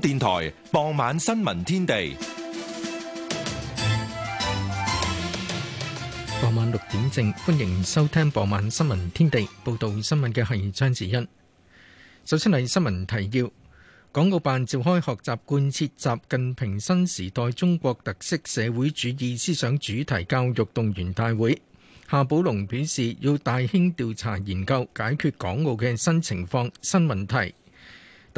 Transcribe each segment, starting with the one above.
電台傍晚新聞天地，傍晚六點正，歡迎收聽傍晚新聞天地。報道新聞嘅係張子欣。首先係新聞提要：港澳辦召開學習貫徹習近平新時代中國特色社會主義思想主題教育動員大會。夏寶龍表示，要大興調查研究，解決港澳嘅新情況、新問題。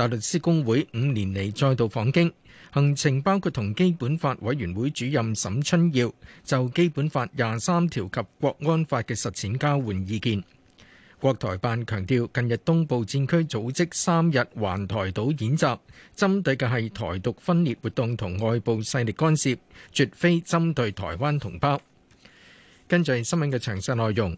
大律師公會五年嚟再度訪京，行程包括同基本法委員會主任沈春耀就基本法廿三條及國安法嘅實踐交換意見。國台辦強調，近日東部戰區組織三日環台島演習，針對嘅係台獨分裂活動同外部勢力干涉，絕非針對台灣同胞。跟住係新聞嘅詳細內容。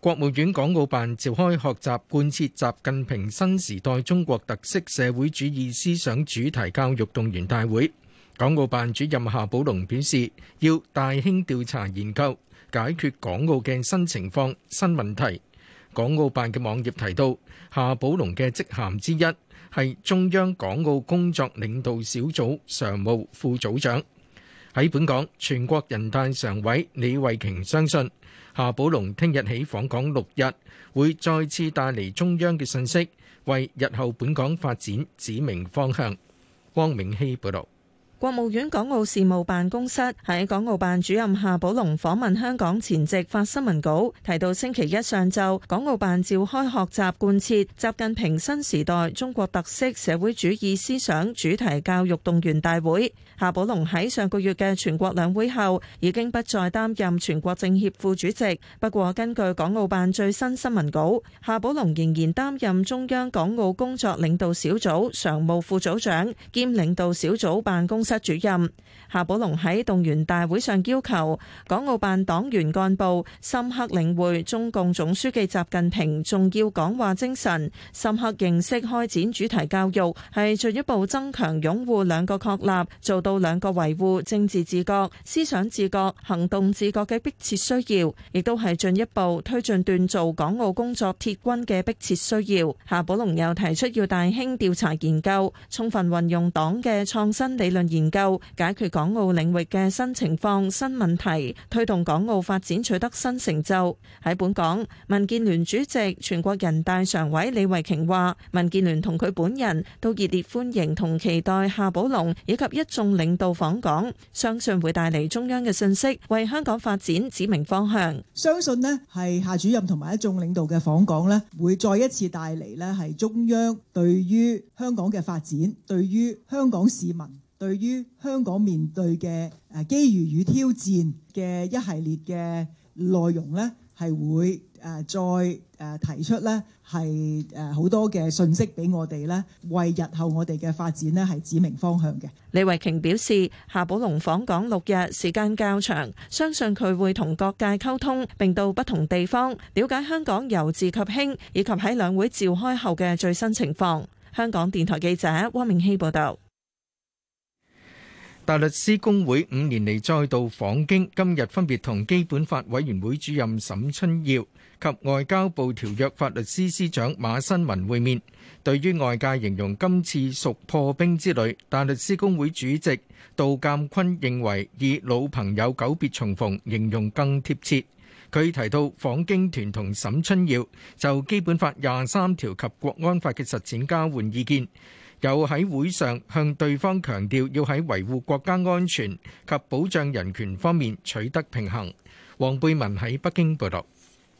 國務院港澳辦召開學習貫徹習近平新時代中國特色社會主義思想主題教育動員大會，港澳辦主任夏寶龍表示，要大興調查研究，解決港澳嘅新情況、新問題。港澳辦嘅網頁提到，夏寶龍嘅職銜之一係中央港澳工作領導小組常務副組長。喺本港，全國人大常委李慧瓊相信夏寶龍聽日起訪港六日，會再次帶嚟中央嘅信息，為日後本港發展指明方向。汪明熙報導，國務院港澳事務辦公室喺港澳辦主任夏寶龍訪問香港前夕發新聞稿，提到星期一上晝，港澳辦召開學習貫徹習近平新時代中國特色社會主義思想主題教育動員大會。夏寶龍喺上個月嘅全國兩會後，已經不再擔任全國政協副主席。不過，根據港澳辦最新新聞稿，夏寶龍仍然擔任中央港澳工作領導小組常務副組長兼領導小組辦公室主任。夏寶龍喺動員大會上要求港澳辦黨員幹部深刻領會中共總書記習近平重要講話精神，深刻認識開展主題教育係進一步增強擁護兩個確立、做到兩個維護政治自覺、思想自覺、行動自覺嘅迫切需要，亦都係進一步推進鍛造港澳工作鐵軍嘅迫切需要。夏寶龍又提出要大興調查研究，充分運用黨嘅創新理論研究解決港。港澳領域嘅新情況、新問題，推動港澳發展取得新成就。喺本港，民建聯主席、全國人大常委李慧瓊話，民建聯同佢本人都熱烈歡迎同期待夏寶龍以及一眾領導訪港，相信會帶嚟中央嘅信息，為香港發展指明方向。相信呢，係夏主任同埋一眾領導嘅訪港呢，會再一次帶嚟呢，係中央對於香港嘅發展，對於香港市民。對於香港面對嘅誒，機遇與挑戰嘅一系列嘅內容呢，係會誒，再誒，提出呢，係誒，好多嘅信息俾我哋呢，為日後我哋嘅發展呢，係指明方向嘅。李慧瓊表示，夏寶龍訪港六日，時間較長，相信佢會同各界溝通，並到不同地方了解香港由治及興，以及喺兩會召開後嘅最新情況。香港電台記者汪明熙報道。大律師公會五年嚟再度訪京，今日分別同基本法委員會主任沈春耀及外交部條約法律司司長馬新民會面。對於外界形容今次屬破冰之旅，大律師公會主席杜鑑坤認為以老朋友久別重逢形容更貼切。佢提到訪京團同沈春耀就基本法廿三條及國安法嘅實踐交換意見。又喺會上向對方強調，要喺維護國家安全及保障人權方面取得平衡。黃貝文喺北京報導。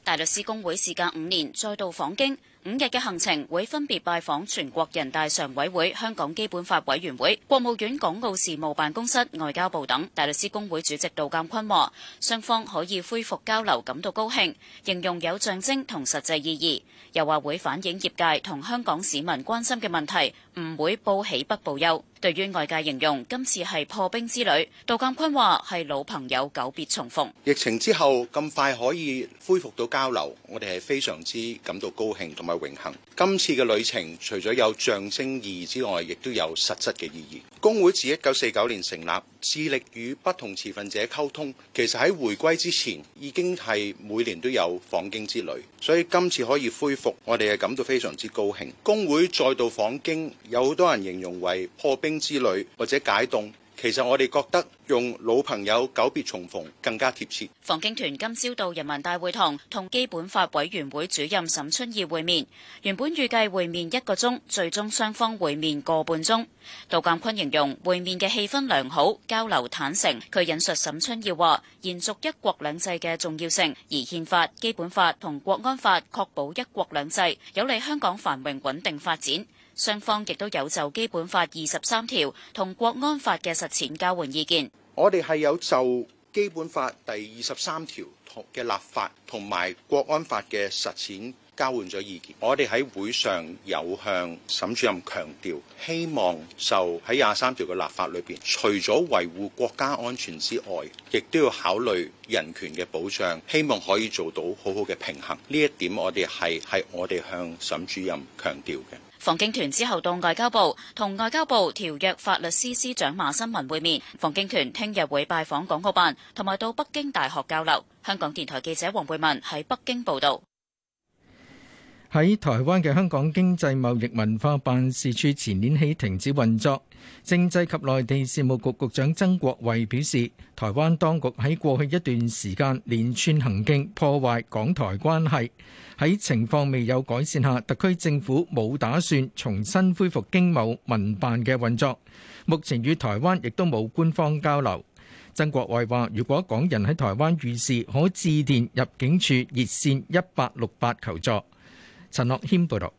大律師公會時隔五年再度訪京。五日嘅行程會分別拜訪全國人大常委會、香港基本法委員會、國務院港澳事務辦公室、外交部等。大律師公會主席杜鑑坤話：雙方可以恢復交流感到高興，形容有象徵同實際意義，又話會反映業界同香港市民關心嘅問題，唔會報喜不報憂。對於外界形容今次係破冰之旅，杜鑑坤話係老朋友久別重逢。疫情之後咁快可以恢復到交流，我哋係非常之感到高興同埋榮幸。今次嘅旅程除咗有象徵意義之外，亦都有實質嘅意義。工會自一九四九年成立，致力與不同持份者溝通。其實喺回歸之前已經係每年都有訪京之旅，所以今次可以恢復，我哋係感到非常之高興。工會再度訪京，有好多人形容為破冰之旅或者解凍，其實我哋覺得用老朋友久別重逢更加貼切。訪京團今朝到人民大會堂同基本法委員會主任沈春耀會面，原本預計會面一個鐘，最終雙方會面個半鐘。杜淦堃形容會面嘅氣氛良好，交流坦誠。佢引述沈春耀話：延續一國兩制嘅重要性，而憲法、基本法同國安法確保一國兩制，有利香港繁榮穩定發展。雙方亦都有就基本法二十三條同國安法嘅實踐交換意見。我哋係有就基本法第二十三條同嘅立法同埋國安法嘅實踐交換咗意見。我哋喺會上有向沈主任強調，希望就喺廿三條嘅立法裏邊，除咗維護國家安全之外，亦都要考慮人權嘅保障，希望可以做到好好嘅平衡。呢一點我，我哋係係我哋向沈主任強調嘅。訪京團之後到外交部，同外交部條約法律司司長馬新民會面。訪京團聽日會拜訪港澳辦，同埋到北京大學交流。香港電台記者黃貝文喺北京報道。喺台灣嘅香港經濟貿易文化辦事處前年起停止運作。政制及內地事務局局長曾國衛表示，台灣當局喺過去一段時間連串行徑破壞港台關係。喺情況未有改善下，特區政府冇打算重新恢復經貿文辦嘅運作。目前與台灣亦都冇官方交流。曾國衛話，如果港人喺台灣遇事，可致電入境處熱線一八六八求助。陳樂謙報道，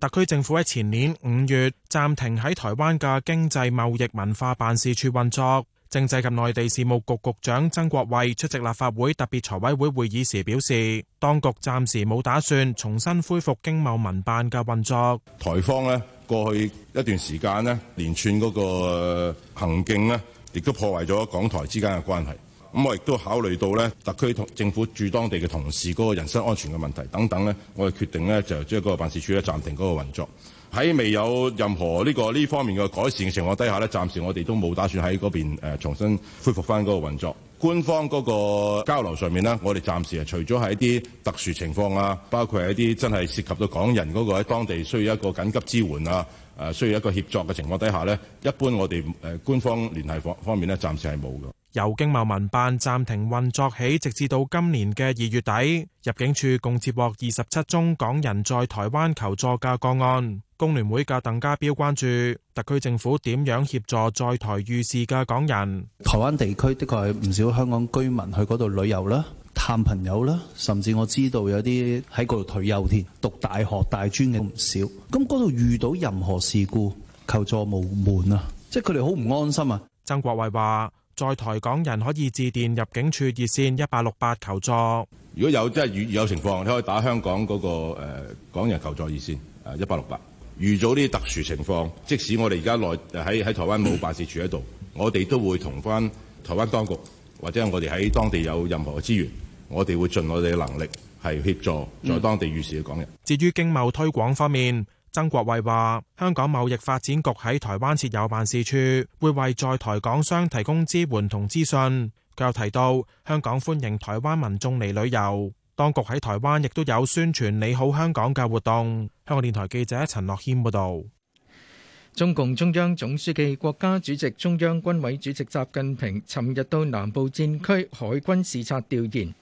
特區政府喺前年五月暫停喺台灣嘅經濟貿易文化辦事處運作，政制及內地事務局局、局長曾國衛出席立法會特別財委會會議時表示，當局暫時冇打算重新恢復經貿文辦嘅運作。台方咧過去一段時間咧連串嗰個行徑咧，亦都破壞咗港台之間嘅關係。咁我亦都考慮到咧，特區同政府駐當地嘅同事嗰個人身安全嘅問題等等咧，我哋決定咧就將、是、嗰個辦事處咧暫停嗰個運作。喺未有任何呢、呢個呢、呢個、方面嘅改善嘅情況底下咧，暫時我哋都冇打算喺嗰邊、呃、重新恢復返嗰個運作。官方嗰個交流上面呢，我哋暫時啊，除咗係一啲特殊情況啊，包括係一啲真係涉及到港人嗰、嗰個喺當地需要一個緊急支援啊。誒，需要一個協作嘅情況底下呢，一般我哋誒，官方聯繫方方面呢，暫時係冇嘅。由經貿民辦暫停運作起，直至到今年嘅二月底，入境處共接獲二十七宗港人在台灣求助嘅個案。工聯會嘅鄧家彪關注特區政府點樣協助在台遇事嘅港人。台灣地區的確係唔少香港居民去嗰度旅遊啦。探朋友啦，甚至我知道有啲喺嗰度退休添，讀大學大專嘅唔少。咁嗰度遇到任何事故，求助無門啊，即係佢哋好唔安心啊！曾國衛話在台港人可以致電入境處熱線一八六八求助。如果有即係遇有情況，你可以打香港嗰個誒、呃、港人求助熱線誒一八六八。遇咗啲特殊情況，即使我哋而家內喺喺台灣冇辦事處喺度，嗯、我哋都會同翻台灣當局。或者我哋喺當地有任何嘅資源，我哋會盡我哋嘅能力系協助在當地遇事嘅港人。嗯。至於經貿推廣方面，曾國衛話香港貿易發展局喺台灣設有辦事處，會為在台港商提供支援同資訊，佢又提到，香港歡迎台灣民眾嚟旅遊，當局喺台灣亦都有宣傳你好香港嘅活動，香港電台記者陳樂謙報道。中共中央總書記、國家主席、中央軍委主席習近平尋日到南部戰區海軍視察調研，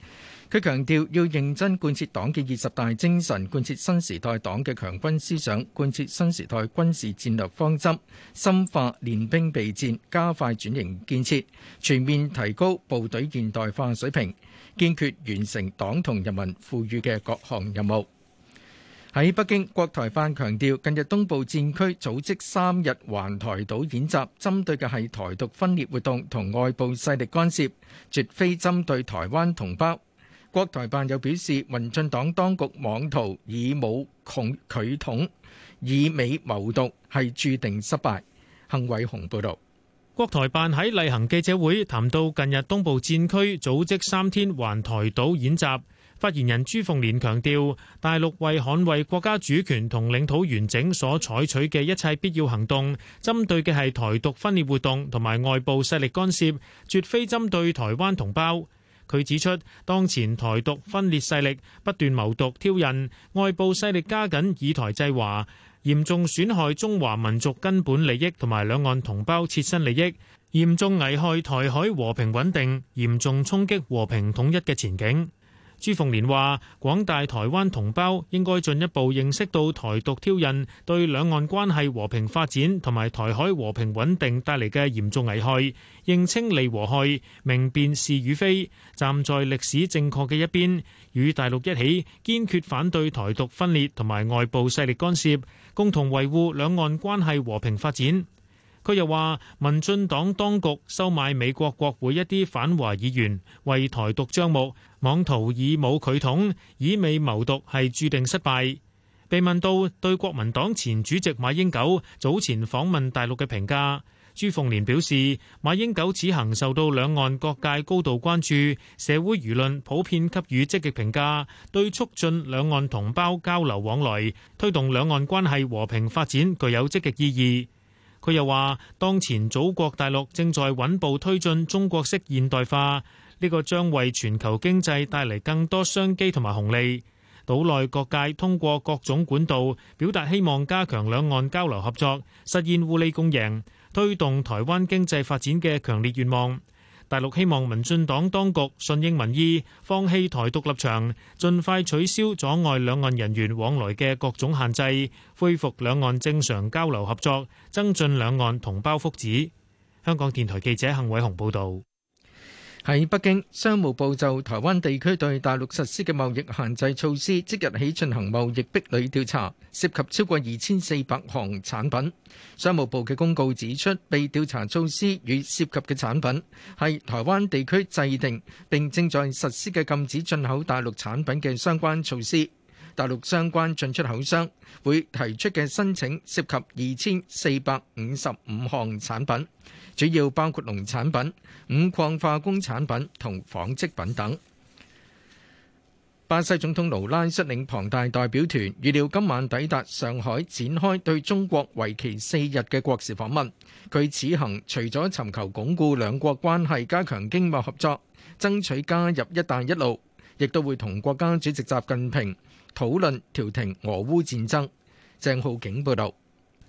佢強調要認真貫徹黨嘅二十大精神，貫徹新時代黨嘅強軍思想，貫徹新時代軍事戰略方針，深化練兵備戰，加快轉型建設，全面提高部隊現代化水平，堅決完成黨同人民賦予嘅各項任務。喺北京，國台辦強調，近日東部戰區組織三日環台島演習，針對嘅係台獨分裂活動同外部勢力干涉，絕非針對台灣同胞。國台辦又表示，民進黨當局妄圖以武拒統、以美謀獨，係註定失敗。幸偉雄報導，國台辦喺例行記者會談到，近日東部戰區組織三天環台島演習。發言人朱鳳蓮強調，大陸為捍衛國家主權同領土完整所採取嘅一切必要行動，針對嘅係台獨分裂活動同埋外部勢力干涉，絕非針對台灣同胞。佢指出，當前台獨分裂勢力不斷謀獨挑釁，外部勢力加緊以台制華，嚴重損害中華民族根本利益同埋兩岸同胞切身利益，嚴重危害台海和平穩定，嚴重衝擊和平統一嘅前景。朱鳳蓮話，廣大台灣同胞應該進一步認識到台獨挑釁對兩岸關係和平發展同埋台海和平穩定帶嚟嘅嚴重危害，認清利和害，明辨是與非，站在歷史正確嘅一邊，與大陸一起堅決反對台獨分裂同埋外部勢力干涉，共同維護兩岸關係和平發展。佢又話，民進黨當局收買美國國會一啲反華議員，為台獨張目。妄圖以武拒統，以美謀獨，係注定失敗。被問到對國民黨前主席馬英九早前訪問大陸嘅評價，朱鳳蓮表示，馬英九此行受到兩岸各界高度關注，社會輿論普遍給予積極評價，對促進兩岸同胞交流往來、推動兩岸關係和平發展具有積極意義。佢又話，當前祖國大陸正在穩步推進中國式現代化。呢個將為全球經濟帶嚟更多商機同埋紅利。島內各界通過各種管道表達希望加強兩岸交流合作，實現互利共贏，推動台灣經濟發展嘅強烈願望。大陸希望民進黨當局順應民意，放棄台獨立場，盡快取消阻礙兩岸人員往來嘅各種限制，恢復兩岸正常交流合作，增進兩岸同胞福祉。香港電台記者幸偉雄報導。喺北京，商務部就台灣地區對大陸實施嘅貿易限制措施，即日起進行貿易壁壘調查，涉及超過二千四百項產品。商務部嘅公告指出，被調查措施與涉及嘅產品係台灣地區制定並正在實施嘅禁止進口大陸產品嘅相關措施。大陸相關進出口商會提出嘅申請涉及二千四百五十五項產品。主要包括農產品、五礦化工產品同紡織品等。巴西總統盧拉率領龐大代表團，預料今晚抵達上海，展開對中國為期四日嘅國事訪問。佢此行除咗尋求鞏固兩國關係、加強經貿合作、爭取加入「一帶一路」，亦都會同國家主席習近平討論調停俄烏戰爭。鄭浩景報道。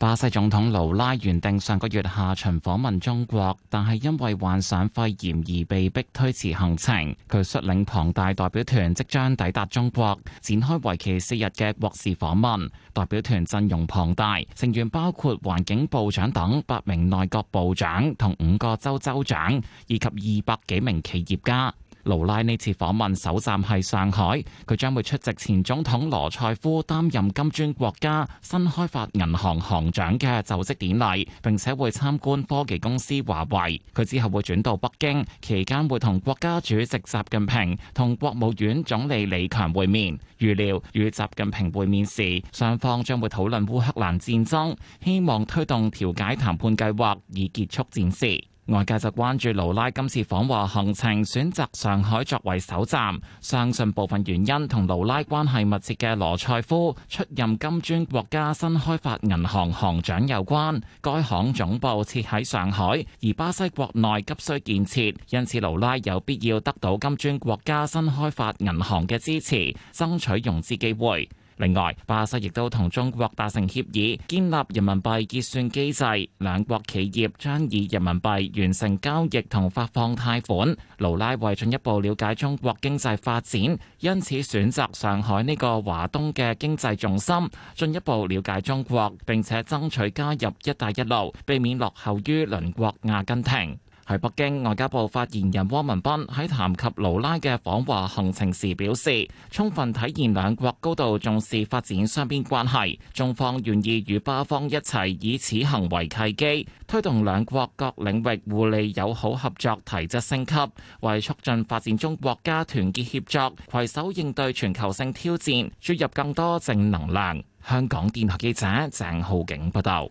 巴西總統盧拉原定上個月下旬訪問中國，但係因為患上肺炎而被迫推遲行程。佢率領龐大代表團即將抵達中國，展開為期四日嘅國事訪問。代表團陣容龐大，成員包括環境部長等八名內閣部長同五個州州長，以及二百幾名企業家。盧拉呢次訪問首站係上海，佢將會出席前總統羅塞夫擔任金磚國家新開發銀行行長嘅就職典禮，並且會參觀科技公司華為。佢之後會轉到北京，期間會同國家主席習近平同國務院總理李強會面。預料與習近平會面時，雙方將會討論烏克蘭戰爭，希望推動調解談判計劃，以結束戰事。外界就關注盧拉今次訪華行程選擇上海作為首站，相信部分原因同盧拉關係密切嘅羅塞夫出任金磚國家新開發銀行行長有關。該行總部設喺上海，而巴西國內急需建設，因此盧拉有必要得到金磚國家新開發銀行嘅支持，爭取融資機會。另外，巴西亦都同中國達成協議，建立人民幣結算機制，兩國企業將以人民幣完成交易同發放貸款。盧拉為進一步了解中國經濟發展，因此選擇上海呢個華東嘅經濟重心，進一步了解中國，並且爭取加入一帶一路，避免落後於鄰國阿根廷。喺北京，外交部發言人汪文斌喺談及盧拉嘅訪華行程時表示，充分體現兩國高度重視發展雙邊關係，中方願意與巴方一齊以此行為契機，推動兩國各領域互利友好合作提質升級，為促進發展中國家團結協作、携手應對全球性挑戰注入更多正能量。香港電台記者鄭浩景報道。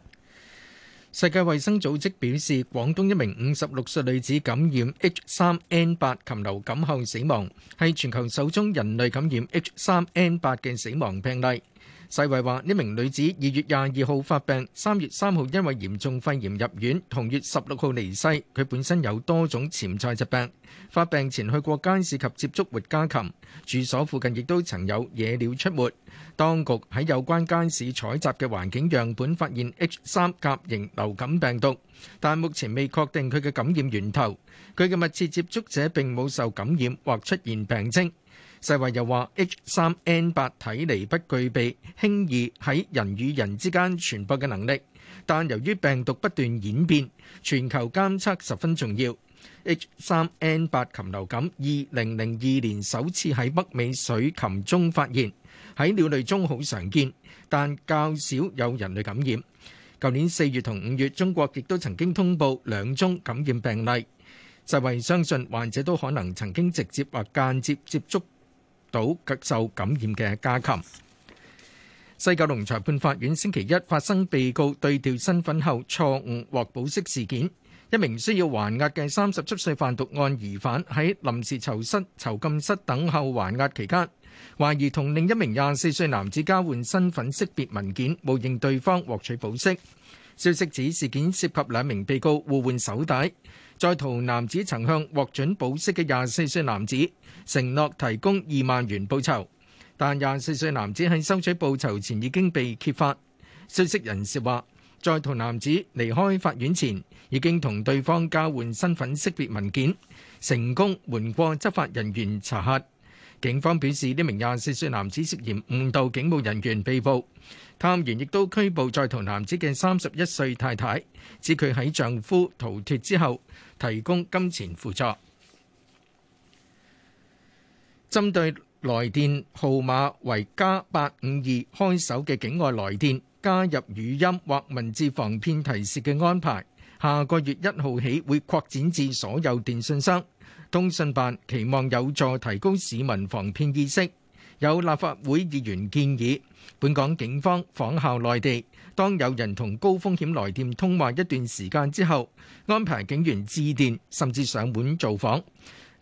世界衛生組織表示，廣東一名五十六歲女子感染 H3N8 禽流感後死亡，係全球首宗人類感染 H3N8 嘅死亡病例。世衛話呢名女子二月廿二號發病，三月三號因為嚴重肺炎入院，同月十六號離世。佢本身有多種潛在疾病，發病前去過街市及接觸活家禽，住所附近亦都曾有野鳥出沒。當局喺有關街市採集嘅環境樣本發現 H3 甲型流感病毒，但目前未確定佢嘅感染源頭。佢嘅密切接觸者並冇受感染或出現病徵。世衛又話，H 三 N 八睇嚟不具備輕易喺人與人之間傳播嘅能力，但由於病毒不斷演變，全球監測十分重要。H 三 N 八禽流感二零零二年首次喺北美水禽中發現，喺鳥類中好常見，但較少有人類感染。舊年四月同五月，中國亦都曾經通報兩宗感染病例。世衛相信患者都可能曾經直接或間接接觸到受感染嘅家禽。西九龍裁判法院星期一發生被告對調身份後錯誤獲保釋事件。一名需要還押嘅三十七歲販毒案疑犯喺臨時囚室囚禁室等候還押期間，懷疑同另一名廿四歲男子交換身份識別文件，冒認對方獲取保釋。消息指事件涉及兩名被告互換手帶。在逃男子曾向獲准保釋嘅廿四歲男子承諾提供二萬元報酬，但廿四歲男子喺收取報酬前已經被揭發。消息人士話，在逃男子離開法院前已經同對方交換身份識別文件，成功瞞過執法人員查核。警方表示，呢名廿四歲男子涉嫌誤導警務人員被捕。探員亦都拘捕在逃男子嘅三十一歲太太，指佢喺丈夫逃脫之後提供金錢協助。針對來電號碼為加八五二開首嘅境外來電，加入語音或文字防騙提示嘅安排，下個月一號起會擴展至所有電信商。通訊辦期望有助提高市民防騙意識。有立法會議員建議，本港警方仿效內地，當有人同高風險來電通話一段時間之後，安排警員致電甚至上門造訪，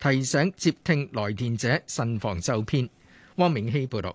提醒接聽來電者慎防受騙，汪明希報道。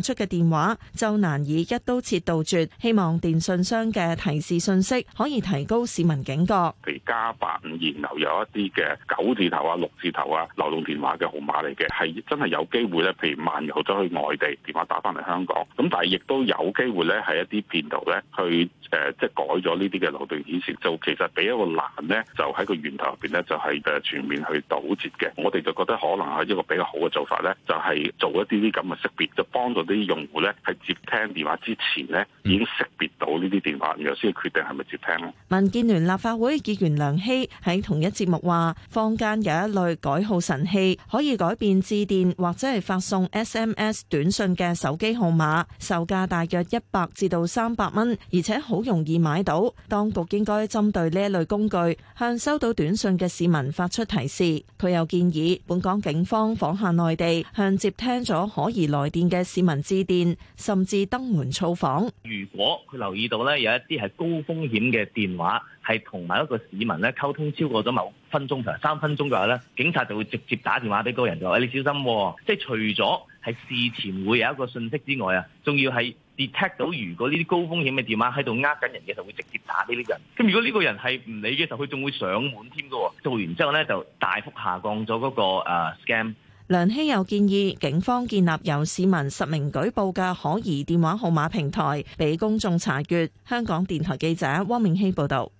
出嘅電話就難以一刀切杜絕，希望電信商嘅提示信息可以提高市民警覺。譬如加八五二然後有一啲嘅九字頭啊、六字頭啊，流動電話嘅號碼嚟嘅，係真係有機會咧。譬如漫遊咗去外地，電話打翻嚟香港，咁但係亦都有機會咧，係一啲騙徒咧去誒即係改咗呢啲嘅流動顯示，就其實俾一個難，咧，就喺個源頭入邊咧，就係誒全面去堵截嘅。我哋就覺得可能係一個比較好嘅做法咧，就係做一啲啲咁嘅識別，就幫到。啲用戶咧係接聽電話之前咧已經識別到呢啲電話，然後先決定係咪接聽。民建聯立法會議員梁希喺同一節目話：坊間有一類改號神器，可以改變致電或者係發送 SMS 短信嘅手機號碼，售價大約一百至到三百蚊，而且好容易買到。當局應該針對呢一類工具，向收到短信嘅市民發出提示。佢又建議本港警方仿效內地，向接聽咗可疑來電嘅市民，致電甚至登門造訪。如果佢留意到咧，有一啲係高風險嘅電話，係同埋一個市民咧溝通超過咗某分鐘，譬如三分鐘嘅話咧，警察就會直接打電話俾嗰個人，就話你小心，哦。即係除咗係事前會有一個信息之外啊，仲要係 detect 到如果呢啲高風險嘅電話喺度呃緊人嘅，就會直接打呢啲人。咁如果呢個人係唔理嘅時候，佢仲會上門添㗎。做完之後咧，就大幅下降咗嗰個誒 scam。梁希有建議，警方建立由市民實名舉報嘅可疑電話號碼平台，俾公眾查閲。香港電台記者汪明希報導。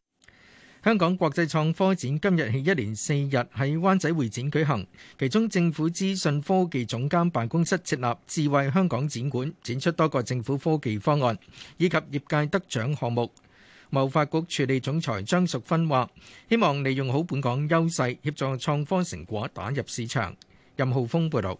香港國際創科展今日起一連四日喺灣仔會展舉行，其中政府資訊科技總監辦公室設立智慧香港展館，展出多個政府科技方案以及業界得獎項目。貿發局處理總裁張淑芬話：希望利用好本港優勢，協助創科成果打入市場。任浩峰報道，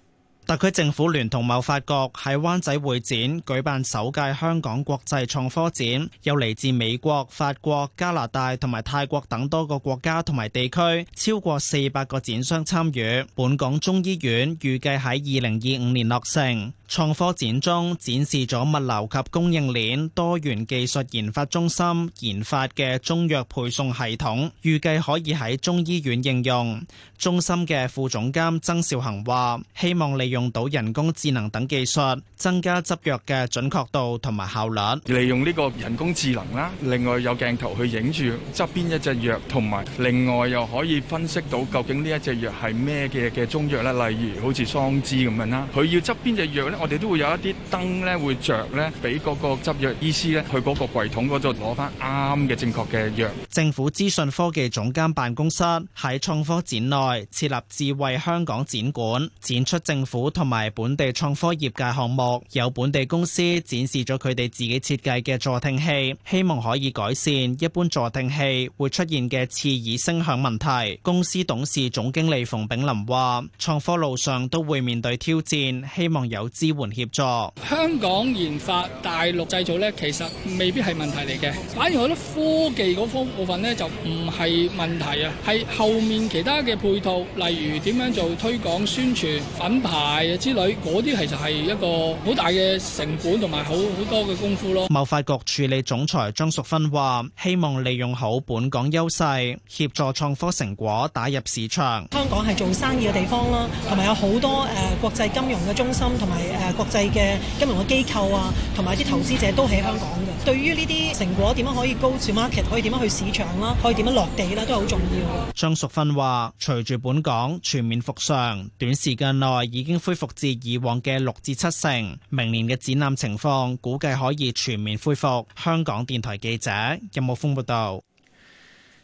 特區政府聯同貿發局喺灣仔會展舉辦首屆香港國際創科展，有嚟自美國、法國、加拿大同埋泰國等多個國家同埋地區超過四百個展商參與。本港中醫院預計喺二零二五年落成。創科展中展示咗物流及供應鏈多元技術研發中心研發嘅中藥配送系統，預計可以喺中醫院應用。中心嘅副總監曾兆恒話：希望利用到人工智能等技術，增加執藥嘅準確度同埋效率。利用呢個人工智能啦，另外有鏡頭去影住執邊一隻藥，同埋另外又可以分析到究竟呢一隻藥係咩嘅嘅中藥咧。例如好似桑枝咁樣啦，佢要執邊隻藥呢？我哋都會有一啲燈咧，會着咧，俾嗰個執藥醫師咧，去嗰個櫃桶嗰度攞翻啱嘅正確嘅藥。政府資訊科技總監辦公室喺創科展內設立智慧香港展館，展出政府同埋本地創科業界項目。有本地公司展示咗佢哋自己設計嘅助聽器，希望可以改善一般助聽器會出現嘅刺耳聲響問題。公司董事總經理馮炳林話：創科路上都會面對挑戰，希望有資支援協助香港研發、大陸製造咧，其實未必係問題嚟嘅。反而我覺得科技嗰方部分咧，就唔係問題啊。係後面其他嘅配套，例如點樣做推廣、宣傳、品牌之類嗰啲，其實係一個好大嘅成本同埋好好多嘅功夫咯。貿發局處理總裁張淑芬話，希望利用好本港優勢，協助創科成果打入市場。香港係做生意嘅地方啦，同埋有好多誒國際金融嘅中心，同埋。誒國際嘅金融嘅機構啊，同埋啲投資者都喺香港嘅。對於呢啲成果點樣可以高轉 market，可以點樣去市場啦，可以點樣落地啦，都係好重要。張淑芬話，隨住本港全面復常，短時間內已經恢復至以往嘅六至七成，明年嘅展覽情況估計可以全面恢復。香港電台記者任木風報道。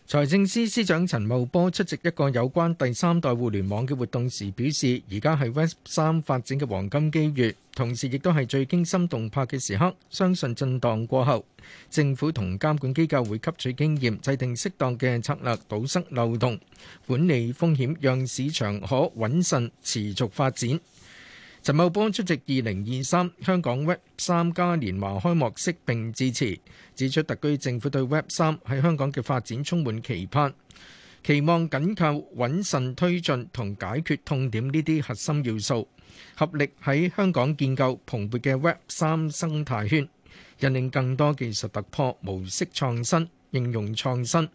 財政司司長陳茂波出席一個有關第三代互聯網嘅活動時表示，而家係 Web 三發展嘅黃金機遇，同時亦都係最驚心動魄嘅時刻。相信震盪過後，政府同監管機構會吸取經驗，制定適當嘅策略，堵塞漏洞，管理風險，讓市場可穩慎持續發展。陳茂波出席二零二三香港 Web 三嘉年華開幕式並致辭，指出特區政府對 Web 三喺香港嘅發展充滿期盼，期望緊扣穩慎推進同解決痛點呢啲核心要素，合力喺香港建構蓬勃嘅 Web 三生態圈，引領更多技術突破、模式創新、應用創新。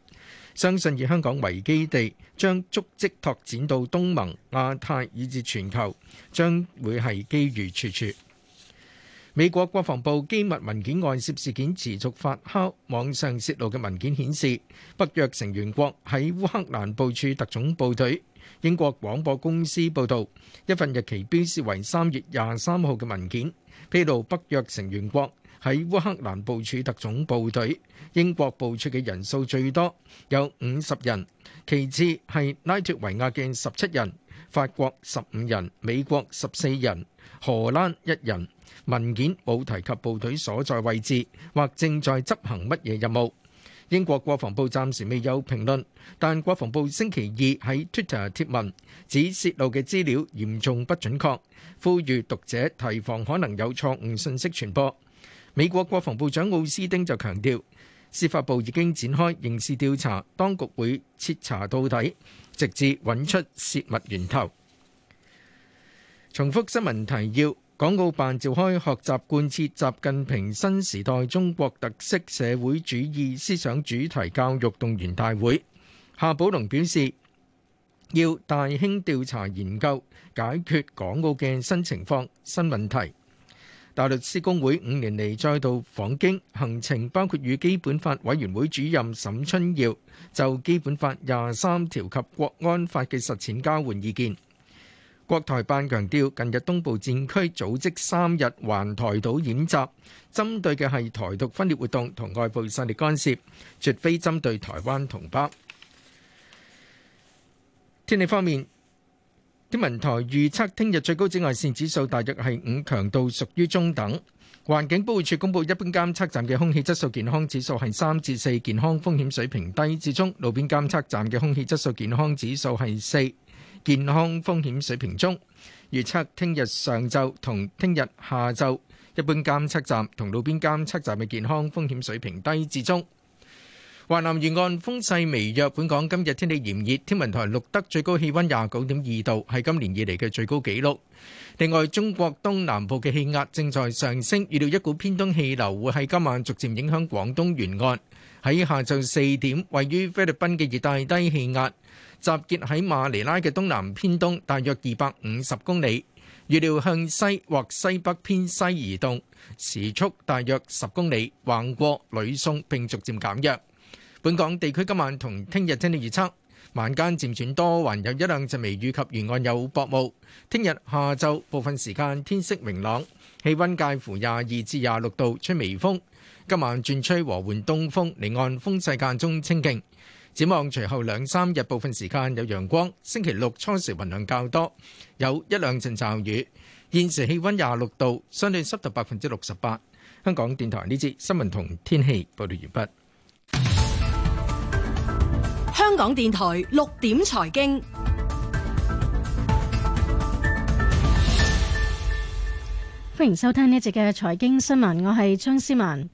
相信以香港為基地，將足跡拓展到東盟、亞太以至全球，將會係機遇處處。美國國防部機密文件外泄事件持續發酵，網上泄露嘅文件顯示，北約成員國喺烏克蘭部署特種部隊。英國廣播公司報道，一份日期標示為三月廿三號嘅文件，披露北約成員國，喺烏克蘭部署特種部隊，英國部署嘅人數最多，有五十人，其次係拉脱維亞嘅十七人，法國十五人，美國十四人，荷蘭一人。文件冇提及部隊所在位置或正在執行乜嘢任務。英國國防部暫時未有評論，但國防部星期二喺 Twitter 貼文指，泄露嘅資料嚴重不準確，呼籲讀者提防可能有錯誤信息傳播。美國國防部長奧斯汀就強調，司法部已經展開刑事調查，當局會徹查到底，直至揾出泄密源頭。重複新聞提要：港澳辦召開學習貫徹習近平新時代中國特色社會主義思想主題教育動員大會，夏寶龍表示要大興調查研究，解決港澳嘅新情況、新問題。大律師公會五年嚟再度訪京，行程包括與基本法委員會主任沈春耀就基本法廿三條及國安法嘅實踐交換意見。國台辦強調，近日東部戰區組織三日環台島演習，針對嘅係台獨分裂活動同外部勢力干涉，絕非針對台灣同胞。天氣方面。天文台預測聽日最高紫外線指數大約係五，強度屬於中等。環境保護署公布一般監測站嘅空氣質素健康指數係三至四，健康風險水平低至中；路邊監測站嘅空氣質素健康指數係四，健康風險水平中。預測聽日上晝同聽日下晝，一般監測站同路邊監測站嘅健康風險水平低至中。華南沿岸風勢微弱，本港今日天氣炎熱，天文台錄得最高氣温廿九點二度，係今年以嚟嘅最高紀錄。另外，中國東南部嘅氣壓正在上升，預料一股偏東氣流會喺今晚逐漸影響廣東沿岸。喺下晝四點，位於菲律賓嘅熱帶低氣壓集結喺馬尼拉嘅東南偏東，大約二百五十公里，預料向西或西北偏西移動，時速大約十公里，橫過呂宋並逐漸減弱。本港地區今晚同聽日天氣預測，晚間漸轉多雲，還有一兩陣微雨及沿岸有薄霧。聽日下晝部分時間天色明朗，氣温介乎廿二至廿六度，吹微風。今晚轉吹和緩東風，離岸風勢間中清勁。展望隨後兩三日部分時間有陽光，星期六初時雲量較多，有一兩陣驟雨。現時氣温廿六度，相對濕度百分之六十八。香港電台呢節新聞同天氣報道完畢。香港電台六點財經，歡迎收聽呢節嘅財經新聞。我係張思文。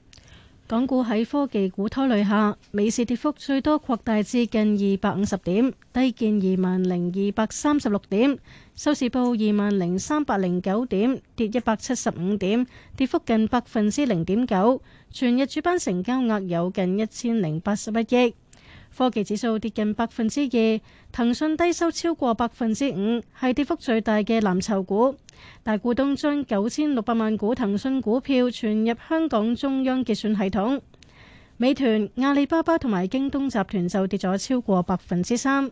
港股喺科技股拖累下，美市跌幅最多擴大至近二百五十點，低見二萬零二百三十六點，收市報二萬零三百零九點，跌一百七十五點，跌幅近百分之零點九。全日主板成交額有近一千零八十一億。科技指數跌近百分之二，騰訊低收超過百分之五，係跌幅最大嘅藍籌股。大股東將九千六百萬股騰訊股票存入香港中央結算系統。美團、阿里巴巴同埋京東集團就跌咗超過百分之三。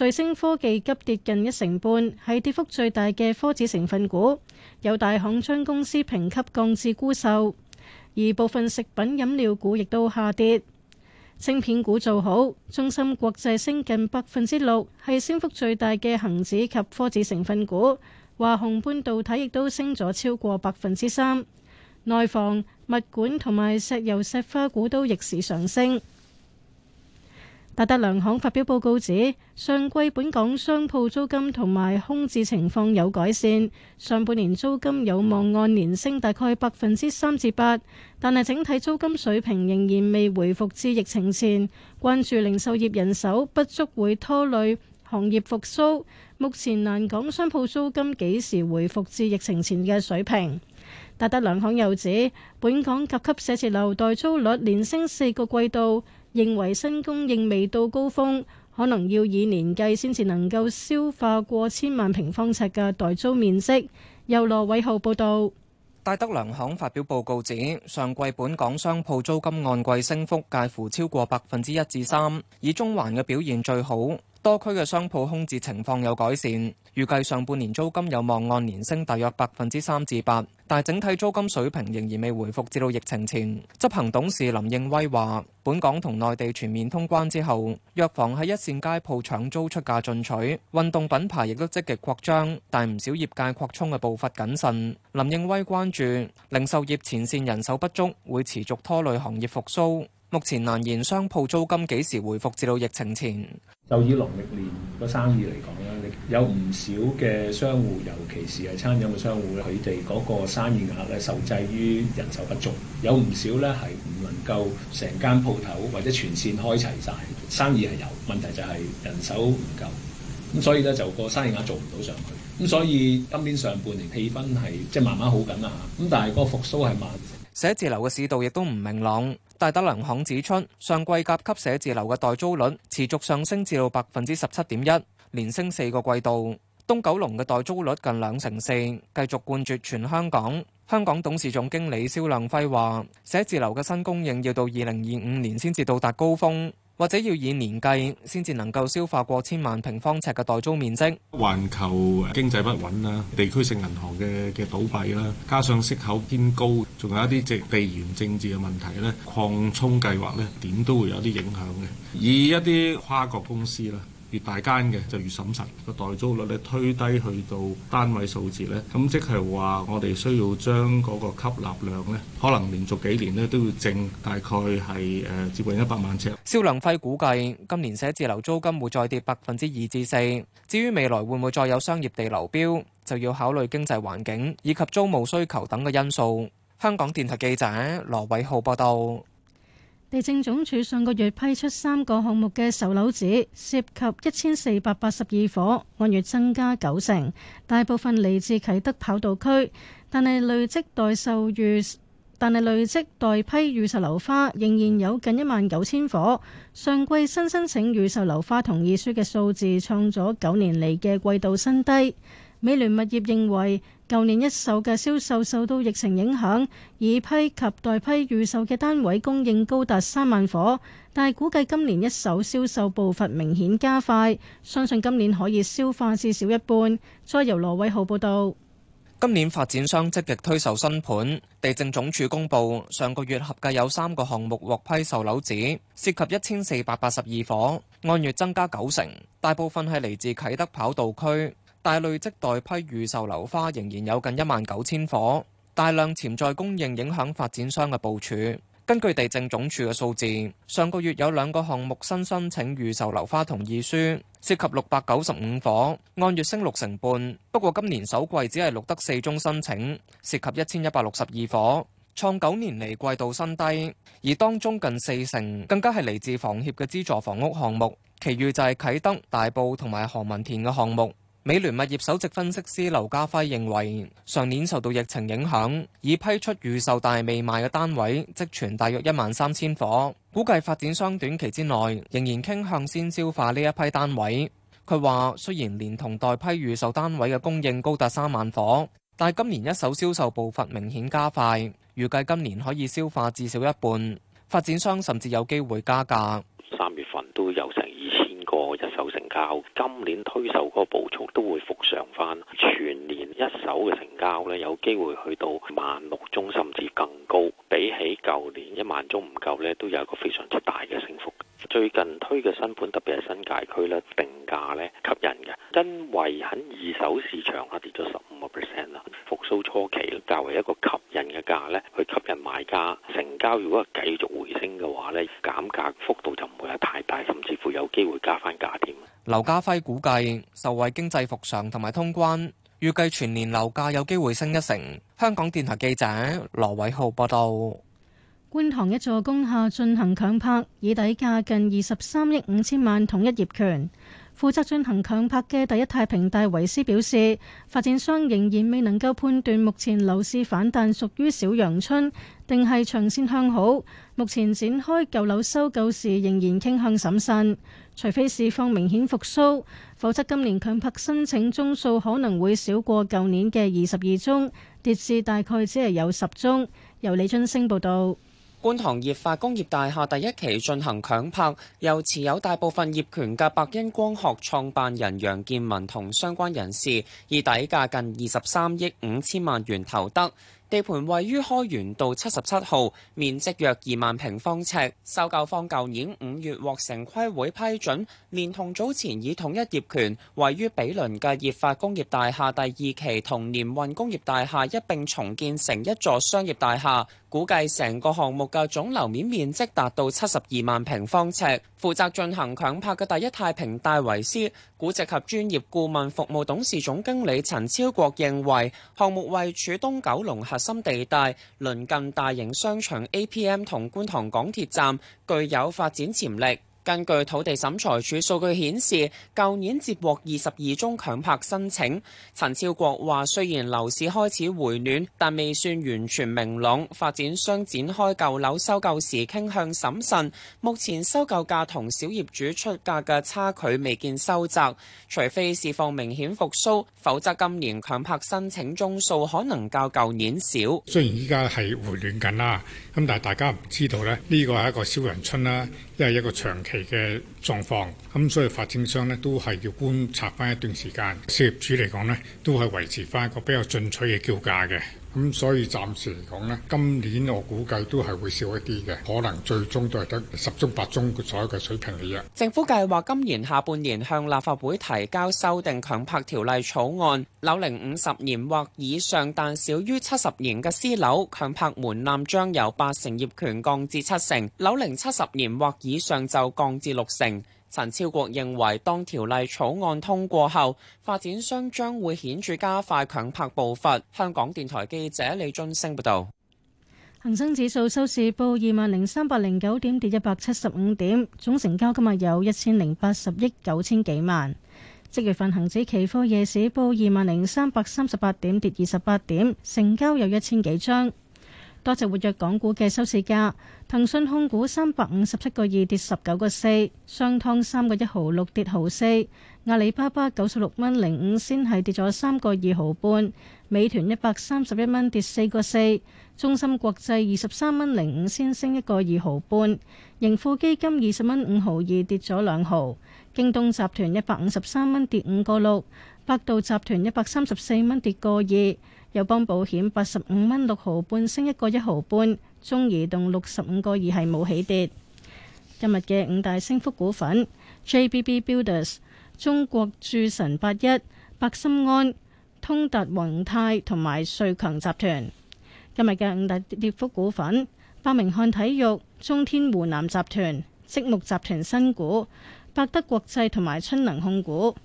瑞星科技急跌近一成半，係跌幅最大嘅科指成分股。有大行將公司評級降至沽售，而部分食品飲料股亦都下跌。芯片股做好，中心國際升近百分之六，係升幅最大嘅恒指及科指成分股。華雄半導體亦都升咗超過百分之三。內房、物管同埋石油石化股都逆市上升。達達梁行發表報告指，上季本港商鋪租金同埋空置情況有改善，上半年租金有望按年升大概百分之三至八，但係整體租金水平仍然未回復至疫情前。關注零售業人手不足會拖累行業復甦，目前難講商鋪租金幾時回復至疫情前嘅水平。達達梁行又指，本港甲級寫字樓代租率連升四個季度。認為新供應未到高峰，可能要以年計先至能夠消化過千萬平方尺嘅待租面積。由羅偉豪報道。戴德梁行發表報告指，上季本港商鋪租金按季升幅介乎超過百分之一至三，以中環嘅表現最好，多區嘅商鋪空置情況有改善。預計上半年租金有望按年升大約百分之三至八，但整體租金水平仍然未回復至到疫情前。執行董事林應威話，本港同內地全面通關之後，藥房喺一線街鋪搶租出價進取，運動品牌亦都積極擴張，但唔少業界擴充嘅步伐謹慎。林應威關注零售業前線人手不足會持續拖累行業復甦，目前難言商鋪租金幾時回復至到疫情前。就以農曆年個生意嚟講，有唔少嘅商戶，尤其是係餐飲嘅商戶咧，佢哋嗰個生意額咧受制於人手不足，有唔少咧係唔能夠成間鋪頭或者全線開齊曬生意係有問題，就係人手唔夠咁，所以咧就個生意額做唔到上去咁，所以今年上半年氣氛係即係慢慢好緊啦嚇咁，但係嗰個復甦係慢。寫字樓嘅市道亦都唔明朗，戴德梁行指出，上季甲級寫字樓嘅代租率持續上升至到百分之十七點一，連升四個季度。東九龍嘅代租率近兩成四，繼續冠絕全香港。香港董事總經理蕭亮輝話，寫字樓嘅新供應要到二零二五年先至到達高峰，或者要以年計先至能夠消化過千萬平方尺嘅代租面積。環球經濟不穩啦，地區性銀行嘅嘅倒閉啦，加上息口偏高，仲有一啲直地緣政治嘅問題呢，擴充計劃呢點都會有啲影響嘅。以一啲跨國公司啦。大間嘅就要審慎，個代租率咧推低去到單位數字咧，咁即係話我哋需要將嗰個吸納量咧，可能連續幾年咧都要淨大概係誒接近一百萬尺。蕭能輝估計今年寫字樓租金會再跌百分之二至四。至於未來會唔會再有商業地流標，就要考慮經濟環境以及租務需求等嘅因素。香港電台記者羅偉浩報道。地政總署上個月批出三個項目嘅售樓紙，涉及一千四百八十二伙，按月增加九成，大部分嚟自啟德跑道區。但係累積待售預，但係累積待批預售樓花仍然有近一萬九千伙。上季新申請預售樓花同意書嘅數字創咗九年嚟嘅季度新低。美聯物業認為。舊年一手嘅銷售受到疫情影響，已批及待批預售嘅單位供應高達三萬夥，但係估計今年一手銷售步伐明顯加快，相信今年可以消化至少一半。再由羅偉浩報道，今年發展商積極推售新盤，地政總署公佈上個月合計有三個項目獲批售樓紙，涉及一千四百八十二夥，按月增加九成，大部分係嚟自啟德跑道區。大累積待批預售樓花仍然有近一萬九千夥，大量潛在供應影響發展商嘅部署。根據地政總署嘅數字，上個月有兩個項目新申請預售樓花同意書，涉及六百九十五夥，按月升六成半。不過今年首季只係錄得四宗申請，涉及一千一百六十二夥，創九年嚟季度新低。而當中近四成更加係嚟自房協嘅資助房屋項目，其餘就係啟德、大埔同埋何文田嘅項目。美聯物業首席分析師劉家輝認為，上年受到疫情影響，已批出預售但未賣嘅單位積存大約一萬三千伙，估計發展商短期之內仍然傾向先消化呢一批單位。佢話雖然連同待批預售單位嘅供應高達三萬伙，但今年一手銷售步伐明顯加快，預計今年可以消化至少一半，發展商甚至有機會加價。三月份都有成。一手成交，今年推售嗰個步速都會復常翻，全年一手嘅成交咧有機會去到萬六宗甚至更高，比起舊年一萬宗唔夠咧，都有一個非常之大嘅升幅。最近推嘅新盤，特別係新界區咧，定價咧吸引嘅，因為喺二手市場啊跌咗十五個 percent 啦，復甦初期較為一個吸引嘅價咧，去吸引買家成交。如果係繼續回升嘅話咧，減價幅度就唔會係太大，甚至乎有機會加翻價添。劉家輝估計，受惠經濟復常同埋通關，預計全年樓價有機會升一成。香港電台記者羅偉浩報道。觀塘一座工廈進行強拍，以底價近二十三億五千萬統一業權。負責進行強拍嘅第一太平戴維斯表示，發展商仍然未能夠判斷目前樓市反彈屬於小陽春定係長線向好。目前展開舊樓收購時仍然傾向審慎，除非市況明顯復甦，否則今年強拍申請宗數可能會少過舊年嘅二十二宗，跌至大概只係有十宗。由李津星報道。觀塘業發工業大廈第一期進行強拍，由持有大部分業權嘅伯恩光學創辦人楊建文同相關人士以底價近二十三億五千萬元投得。地盤位於開源道七十七號，面積約二萬平方尺。收購方舊年五月獲城規會批准，連同早前已統一業權位於比鄰嘅業發工業大廈第二期同聯運工業大廈一並重建成一座商業大廈。估計成個項目嘅總樓面面積達到七十二萬平方尺。負責進行強拍嘅第一太平戴維斯估值及專業顧問服務董事總經理陳超國認為，項目位處東九龍核心地帶，鄰近大型商場 APM 同觀塘港鐵站，具有發展潛力。根據土地審裁處數據顯示，舊年接獲二十二宗強拍申請。陳超國話：雖然樓市開始回暖，但未算完全明朗。發展商展開舊樓收購時傾向審慎。目前收購價同小業主出價嘅差距未見收窄，除非市況明顯復甦，否則今年強拍申請宗數可能較舊年少。雖然依家係回暖緊啦，咁但係大家唔知道呢，呢個係一個小陽春啦。因為一個長期嘅狀況，咁所以發展商都係要觀察翻一段時間，業主嚟講都係維持翻一個比較進取嘅叫價嘅。咁所以暫時嚟講，呢今年我估計都係會少一啲嘅，可能最終都係得十宗八宗嘅所有嘅水平嚟嘅。政府計劃今年下半年向立法會提交修訂強拍條例草案，樓齡五十年或以上但少於七十年嘅私樓強拍門檻將由八成業權降至七成，樓齡七十年或以上就降至六成。陳超國認為，當條例草案通過後，發展商將會顯著加快強拍步伐。香港電台記者李俊升報道。恒生指數收市報二萬零三百零九點，跌一百七十五點，總成交今日有一千零八十億九千幾萬。即月份恒指期貨夜市報二萬零三百三十八點，跌二十八點，成交有一千幾張。多隻活躍港股嘅收市價，騰訊控股三百五十七個二跌十九個四，商湯三個一毫六跌毫四；阿里巴巴九十六蚊零五先係跌咗三個二毫半，美團一百三十一蚊跌四個四，中芯國際二十三蚊零五先升一個二毫半，盈富基金二十蚊五毫二跌咗兩毫，京東集團一百五十三蚊跌五個六，百度集團一百三十四蚊跌個二。友邦保險八十五蚊六毫半升一個一毫半，5, 5，中移動六十五個二係冇起跌。今日嘅五大升幅股份：JBB Builders、Build ers，中國駐神八一、百心安、通達宏泰同埋瑞強集團。今日嘅五大跌幅股份：伯明翰體育、中天湖南集團、積木集團新股、百德國際同埋春能控股。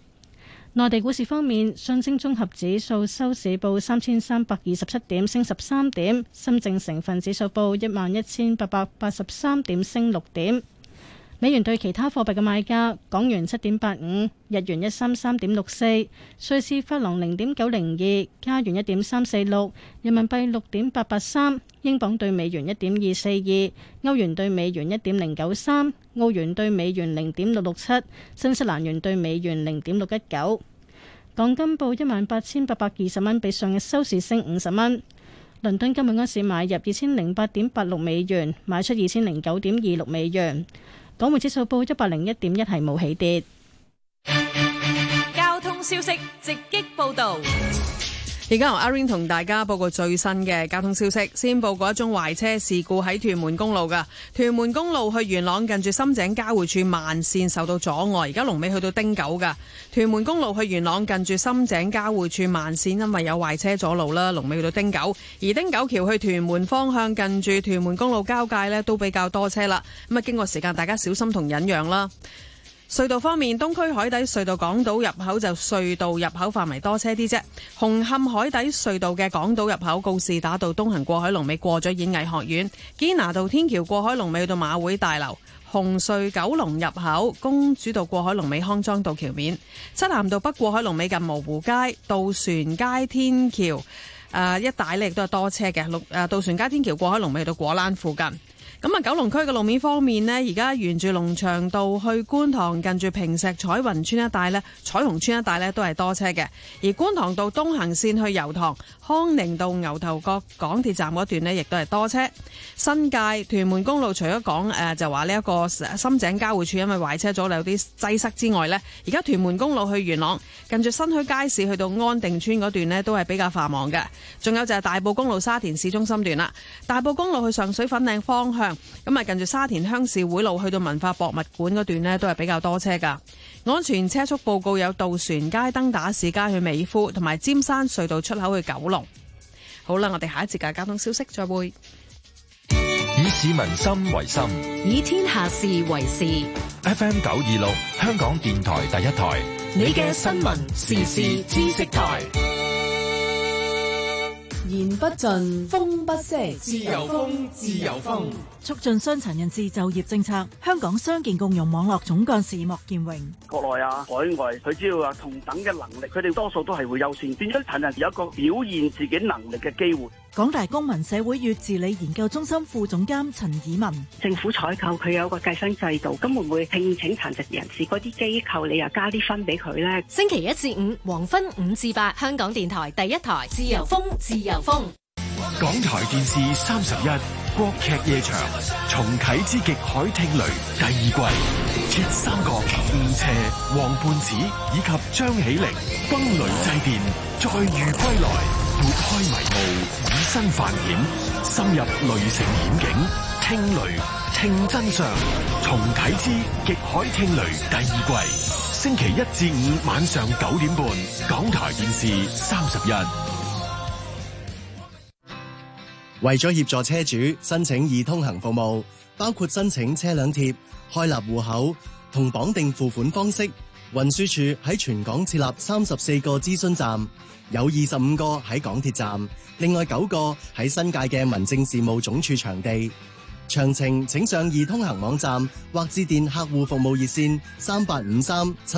內地股市方面，上證綜合指數收市報三千三百二十七點，升十三點；深證成分指數報一萬一千八百八十三點，升六點。美元對其他貨幣嘅賣價：港元七點八五，日元一三三點六四，瑞士法郎零點九零二，加元一點三四六，人民幣六點八八三，英鎊對美元一點二四二，歐元對美元一點零九三，澳元對美元零點六六七，新西蘭元對美元零點六一九。港金報一萬八千八百二十蚊，比上日收市升五十蚊。倫敦金本港市買入二千零八點八六美元，賣出二千零九點二六美元。港匯指數報一百零一點一，係冇起跌。交通消息直擊報道。而家由阿 Ring 同大家報告最新嘅交通消息。先報告一宗壞車事故喺屯門公路㗎，屯門公路去元朗近住深井交匯處慢線受到阻礙，而家龍尾去到汀九㗎，屯門公路去元朗近住深井交匯處慢線，因為有壞車阻路啦，龍尾去到汀九，而汀九橋去屯門方向近住屯門公路交界呢都比較多車啦。咁啊，經過時間，大家小心同忍讓啦。隧道方面，東區海底隧道港島入口就隧道入口範圍多車啲啫。紅磡海底隧道嘅港島入口告士打道東行過海龍尾過咗演藝學院，堅拿道天橋過海龍尾去到馬會大樓。紅隧九龍入口公主道過海龍尾，康莊道橋面，漆咸道北過海龍尾近蕪湖街，渡船街天橋，誒、呃、一帶咧亦都係多車嘅。六誒渡船街天橋過海龍尾去到果欄附近。咁啊，九龍區嘅路面方面咧，而家沿住龍翔道去觀塘，近住坪石彩雲村一帶咧，彩虹村一帶咧都係多車嘅。而觀塘道東行綫去油塘、康寧道牛頭角港鐵站嗰段咧，亦都係多車。新界屯門公路除咗講誒，就話呢一個深井交匯處因為壞車咗，有啲擠塞之外咧，而家屯門公路去元朗，近住新墟街市去到安定村段咧，都係比較繁忙嘅。仲有就係大埔公路沙田市中心段啦，大埔公路去上水粉嶺方向。咁啊，近住沙田鄉事會路去到文化博物館嗰段呢，都係比較多車噶。安全車速報告有渡船街、登打士街去美孚，同埋尖山隧道出口去九龍。好啦，我哋下一節嘅交通消息，再會。以市民心為心，以天下事為事。F M 九二六，香港電台第一台，你嘅新聞時事知識台。言不盡，風不息，自由風，自由風。促進傷殘人士就業政策，香港傷健共融網絡總幹事莫建榮。國內啊，海外，佢只要啊同等嘅能力，佢哋多數都係會優先，變咗殘疾人有一個表現自己能力嘅機會。港大公民社會與治理研究中心副總監陳以文。政府採購佢有個計分制度，咁會唔會聘請殘疾人士？嗰啲機構你又加啲分俾佢咧？星期一至五黃昏五至八，香港電台第一台自由風，自由風。港台電視三十一。國劇夜場重啟之極海聽雷第二季，鐵三角吳邪、王胖子以及張起靈，崩雷祭奠，再遇歸來，撥開迷霧，以身犯險，深入雷城險境，聽雷，聽真相。重啟之極海聽雷第二季，星期一至五晚上九點半，港台電視三十一。為咗協助車主申請易通行服務，包括申請車輛貼、開立戶口同綁定付款方式，運輸署喺全港設立三十四個諮詢站，有二十五個喺港鐵站，另外九個喺新界嘅民政事務總署場地。詳情請上易通行網站或致電客戶服務熱線三八五三七。